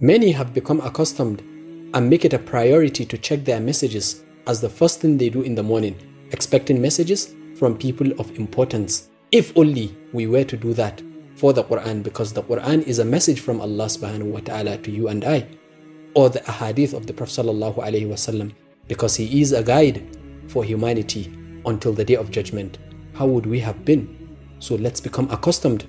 Many have become accustomed and make it a priority to check their messages as the first thing they do in the morning, expecting messages from people of importance. If only we were to do that for the Quran, because the Quran is a message from Allah subhanahu wa ta'ala to you and I, or the ahadith of the Prophet because he is a guide for humanity until the day of judgment. How would we have been? So let's become accustomed